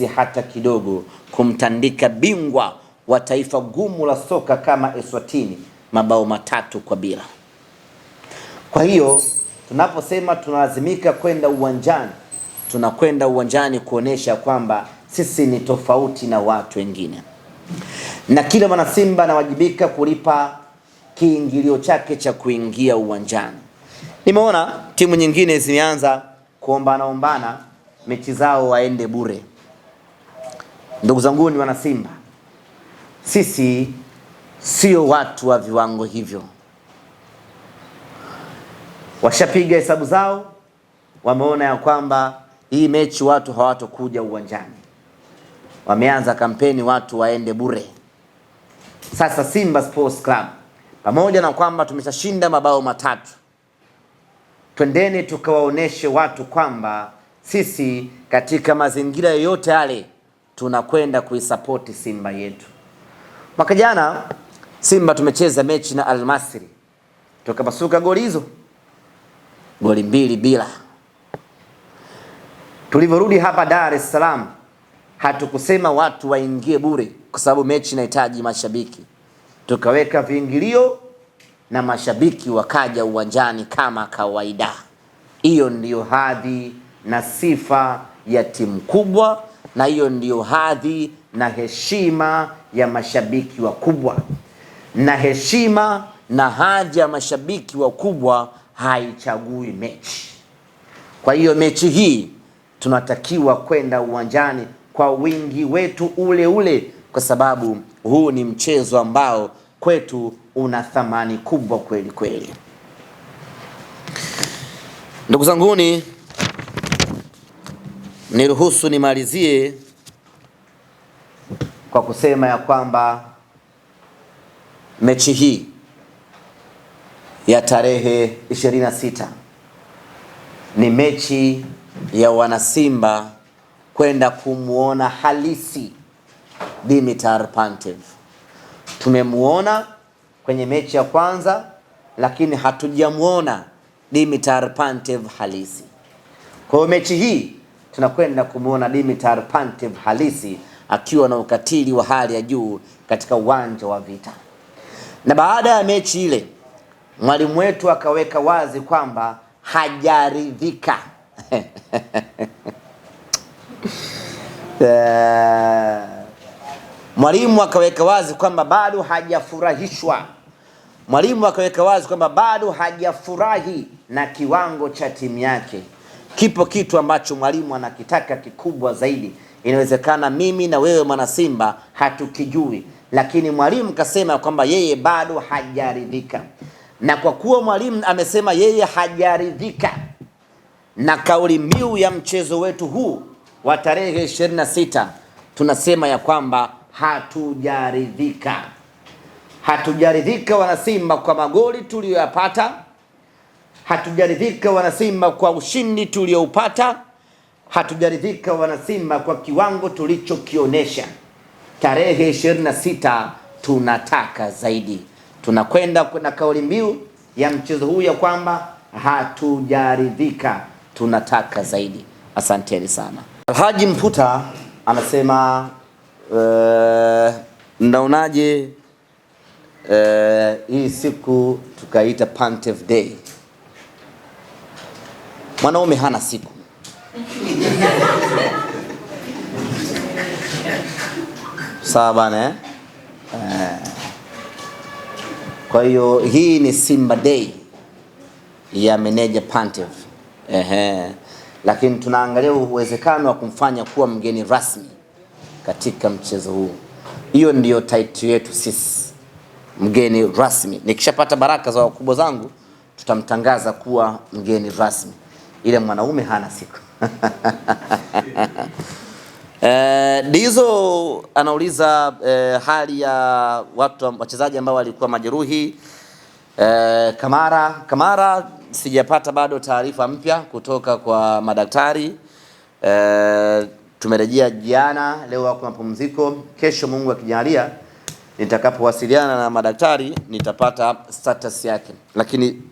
nyepesi hata kidogo kumtandika bingwa wa taifa gumu la soka kama Eswatini mabao matatu kwa bila. Kwa hiyo tunaposema tunalazimika kwenda uwanjani, tunakwenda uwanjani kuonesha kwamba sisi ni tofauti na watu wengine, na kila mwana Simba anawajibika kulipa kiingilio chake cha kuingia uwanjani. Nimeona timu nyingine zimeanza kuombanaombana mechi zao waende bure. Ndugu zangu ni wanasimba, sisi sio watu wa viwango hivyo. Washapiga hesabu zao, wameona ya kwamba hii mechi watu hawatokuja uwanjani, wameanza kampeni watu waende bure. Sasa Simba Sports Club, pamoja na kwamba tumeshashinda mabao matatu, twendeni tukawaoneshe watu kwamba sisi katika mazingira yoyote yale tunakwenda kuisapoti Simba yetu. Mwaka jana Simba tumecheza mechi na Almasri tukapasuka goli hizo goli mbili bila. Tulivyorudi hapa Dar es Salaam hatukusema watu waingie bure, kwa sababu mechi inahitaji mashabiki. Tukaweka viingilio na mashabiki wakaja uwanjani kama kawaida. Hiyo ndiyo hadhi na sifa ya timu kubwa na hiyo ndio hadhi na heshima ya mashabiki wakubwa, na heshima na hadhi ya mashabiki wakubwa haichagui mechi. Kwa hiyo mechi hii tunatakiwa kwenda uwanjani kwa wingi wetu ule ule, kwa sababu huu ni mchezo ambao kwetu una thamani kubwa kweli kweli, ndugu zanguni. Niruhusu nimalizie kwa kusema ya kwamba mechi hii ya tarehe 26 ni mechi ya wanasimba kwenda kumwona halisi Dimitar Pantev. Tumemwona kwenye mechi ya kwanza, lakini hatujamwona Dimitar Pantev halisi. Kwa hiyo mechi hii tunakwenda kumwona Dimitar Pantev halisi akiwa na ukatili wa hali ya juu katika uwanja wa vita. Na baada ya mechi ile, mwalimu wetu akaweka wazi kwamba hajaridhika. Eh, mwalimu akaweka wazi kwamba bado hajafurahishwa. Mwalimu akaweka wazi kwamba bado hajafurahi na kiwango cha timu yake. Kipo kitu ambacho mwalimu anakitaka kikubwa zaidi. Inawezekana mimi na wewe mwana Simba hatukijui, lakini mwalimu kasema kwamba yeye bado hajaridhika, na kwa kuwa mwalimu amesema yeye hajaridhika na kauli mbiu ya mchezo wetu huu wa tarehe 26 tunasema ya kwamba hatujaridhika, hatujaridhika wanasimba, kwa magoli tuliyoyapata Hatujaridhika wanasimba kwa ushindi tulioupata, hatujaridhika wanasimba kwa kiwango tulichokionyesha. Tarehe 26 tunataka zaidi. Tunakwenda na kauli mbiu ya mchezo huu ya kwamba hatujaridhika, tunataka zaidi. Asanteni sana. Alhaji Mputa anasema uh, mnaonaje uh, hii siku tukaita Pantev Day? mwanaume hana siku sawa bana eh? eh? Kwa hiyo hii ni Simba Day ya meneja Pantev Ehe. lakini tunaangalia uwezekano wa kumfanya kuwa mgeni rasmi katika mchezo huu. Hiyo ndiyo title yetu sisi, mgeni rasmi. Nikishapata baraka za wakubwa zangu, tutamtangaza kuwa mgeni rasmi ile mwanaume hana siku eh, Dizo anauliza uh, hali ya watu wachezaji ambao walikuwa majeruhi uh, Kamara Kamara, sijapata bado taarifa mpya kutoka kwa madaktari uh, tumerejea jana, leo wako mapumziko. Kesho Mungu akijalia, nitakapowasiliana na madaktari nitapata status yake, lakini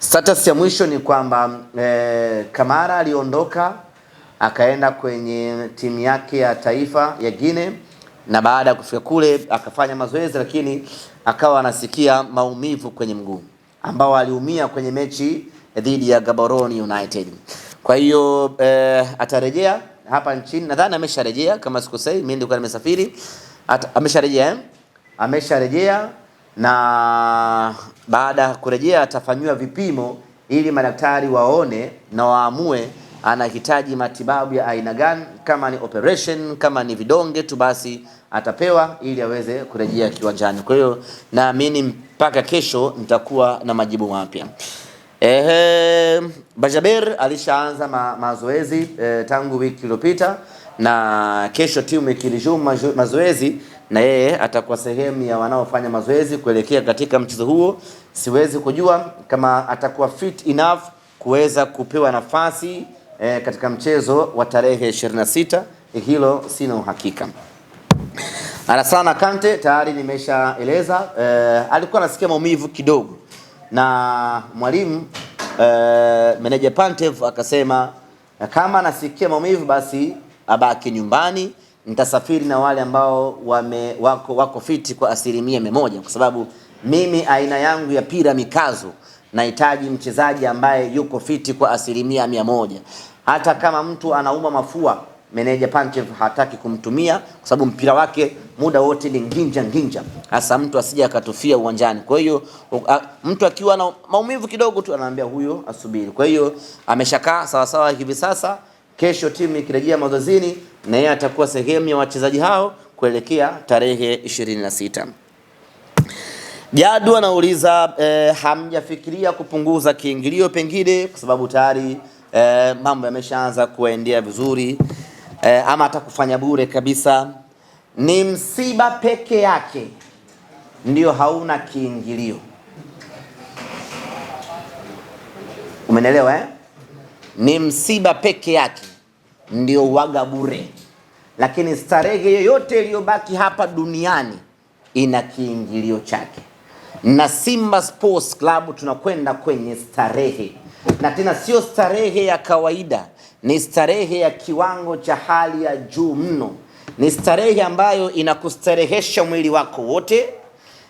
Status ya mwisho ni kwamba e, Kamara aliondoka akaenda kwenye timu yake ya taifa ya Guinea na baada ya kufika kule akafanya mazoezi, lakini akawa anasikia maumivu kwenye mguu ambao aliumia kwenye mechi dhidi ya Gaborone United. Kwa hiyo e, atarejea hapa nchini, nadhani amesharejea kama sikosei, mimi ndio nimesafiri, amesharejea eh? amesharejea na baada ya kurejea atafanyiwa vipimo ili madaktari waone na waamue anahitaji matibabu ya aina gani, kama ni operation, kama ni vidonge tu basi atapewa ili aweze kurejea kiwanjani. Kwa hiyo naamini mpaka kesho nitakuwa na majibu mapya. Ehe, Bajaber alishaanza ma mazoezi e, tangu wiki iliyopita na kesho timu ikilijuma mazoezi na yeye atakuwa sehemu ya wanaofanya mazoezi kuelekea katika mchezo huo. Siwezi kujua kama atakuwa fit enough kuweza kupewa nafasi e, katika mchezo wa tarehe 26. Eh, hilo sina uhakika. Alassana Kante tayari nimeshaeleza e, alikuwa anasikia maumivu kidogo na mwalimu e, meneja Pantev akasema kama anasikia maumivu basi abaki nyumbani nitasafiri na wale ambao wame, wako, wako fiti kwa asilimia mia moja, kwa sababu mimi aina yangu ya pira mikazo nahitaji mchezaji ambaye yuko fiti kwa asilimia mia moja. Hata kama mtu anauma mafua, meneja Panchev hataki kumtumia kwa sababu mpira wake muda wote ni nginja nginja, hasa mtu asije akatufia uwanjani. Kwa hiyo mtu akiwa na maumivu kidogo tu anaambia huyo asubiri. Kwa hiyo ameshakaa sawasawa hivi sasa Kesho timu ikirejea mazoezini, na yeye atakuwa sehemu ya wachezaji hao kuelekea tarehe 26. Jadu anauliza eh, hamjafikiria kupunguza kiingilio pengine kwa sababu tayari eh, mambo yameshaanza kuendea vizuri eh, ama hata kufanya bure kabisa? Ni msiba peke yake ndio hauna kiingilio. Umenelewa eh? Ni msiba peke yake ndio waga bure, lakini starehe yoyote iliyobaki hapa duniani ina kiingilio chake, na Simba Sports Club tunakwenda kwenye starehe, na tena sio starehe ya kawaida, ni starehe ya kiwango cha hali ya juu mno. Ni starehe ambayo inakustarehesha mwili wako wote,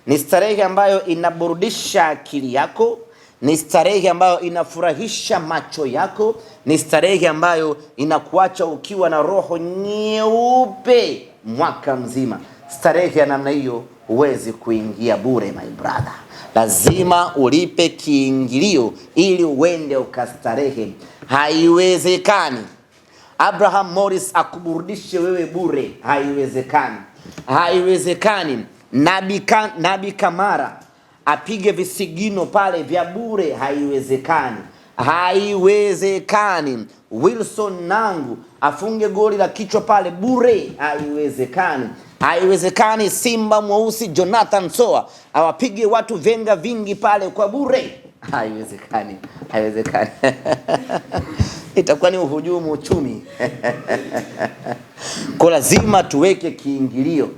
ni starehe ambayo inaburudisha akili yako ni starehe ambayo inafurahisha macho yako, ni starehe ambayo inakuacha ukiwa na roho nyeupe mwaka mzima. Starehe ya namna hiyo huwezi kuingia bure, my brother, lazima ulipe kiingilio ili uende ukastarehe. Haiwezekani Abraham Morris akuburudishe wewe bure, haiwezekani, haiwezekani. Nabi Kamara apige visigino pale vya bure, haiwezekani, haiwezekani. Wilson Nangu afunge goli la kichwa pale bure, haiwezekani haiwezekani. Simba mweusi Jonathan Soa awapige watu venga vingi pale kwa bure, haiwezekani, haiwezekani. Itakuwa ni uhujumu uchumi kwa lazima tuweke kiingilio,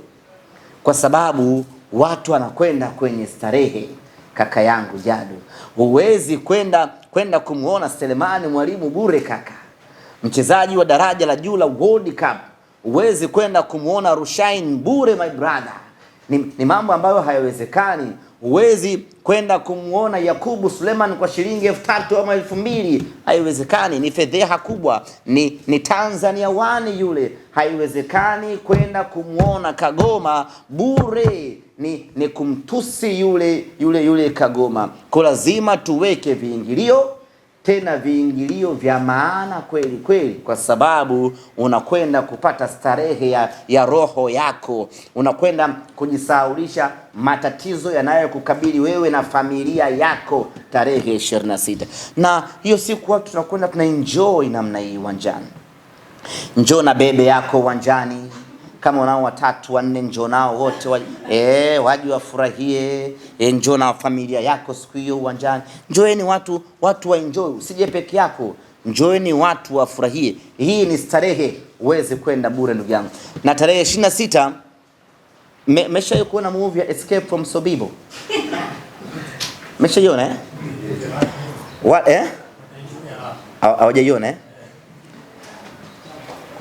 kwa sababu watu wanakwenda kwenye starehe. Kaka yangu Jadu, huwezi kwenda kwenda kumwona Selemani Mwalimu bure kaka, mchezaji wa daraja la juu la World Cup. Huwezi kwenda kumwona Rushain bure my brother, ni, ni mambo ambayo hayawezekani. Huwezi kwenda kumwona Yakubu Suleiman kwa shilingi elfu tatu ama elfu mbili haiwezekani. Ni fedheha kubwa, ni, ni Tanzania wani yule. Haiwezekani kwenda kumwona Kagoma bure ni, ni kumtusi yule yule yule kagoma. Kwa lazima tuweke viingilio, tena viingilio vya maana kweli kweli, kwa sababu unakwenda kupata starehe ya, ya roho yako, unakwenda kujisahaulisha matatizo yanayokukabili wewe na familia yako tarehe 26 na hiyo siku watu tunakwenda tuna enjoy namna hii uwanjani. Njoo na bebe yako uwanjani kama unao watatu wanne, njoo nao wote waje, eh, waje wafurahie. Eh, njoo na familia yako siku hiyo uwanjani, njoeni watu, watu enjoy, usije peke yako, njoeni watu wafurahie. Hii ni starehe, uweze kwenda bure, ndugu yangu. Na tarehe 26 na mesha kuona movie ya Escape from Sobibo meshaiona eh? eh? Hawajaiona eh?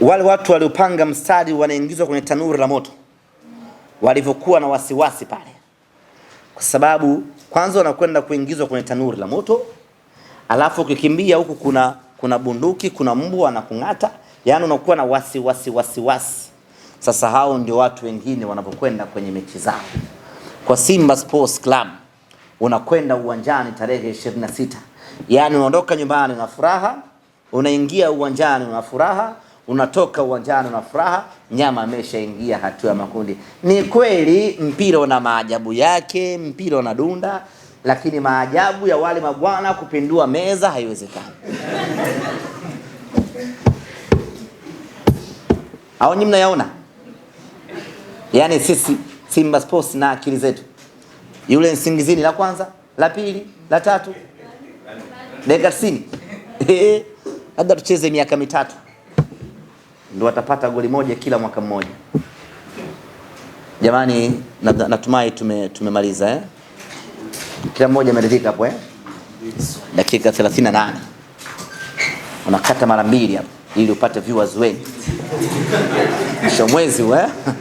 Wale watu waliopanga mstari wanaingizwa kwenye tanuri la moto, walivyokuwa na wasiwasi pale, kwa sababu kwanza wanakwenda kuingizwa kwenye tanuri la moto, alafu ukikimbia huku kuna kuna bunduki, kuna mbwa anakung'ata, yaani unakuwa na wasi wasi wasi wasi. Sasa hao ndio watu wengine wanapokwenda kwenye mechi zao. Kwa Simba Sports Club unakwenda uwanjani tarehe 26, yaani unaondoka nyumbani na furaha, unaingia uwanjani na furaha unatoka uwanjani na furaha, nyama ameshaingia hatua ya makundi. Ni kweli mpira una maajabu yake, mpira una dunda, lakini maajabu ya wale mabwana kupindua meza haiwezekani. au nyinyi mnayaona? Yaani sisi Simba Sports na akili zetu, yule nsingizini la kwanza la pili la tatu dakika 90 labda tucheze miaka mitatu ndio watapata goli moja kila mwaka mmoja. Jamani, natumai tume tumemaliza eh? Kila mmoja ameridhika hapo eh? Dakika 38 unakata mara mbili hapo ili upate viewers wengi mwisho mwezi eh?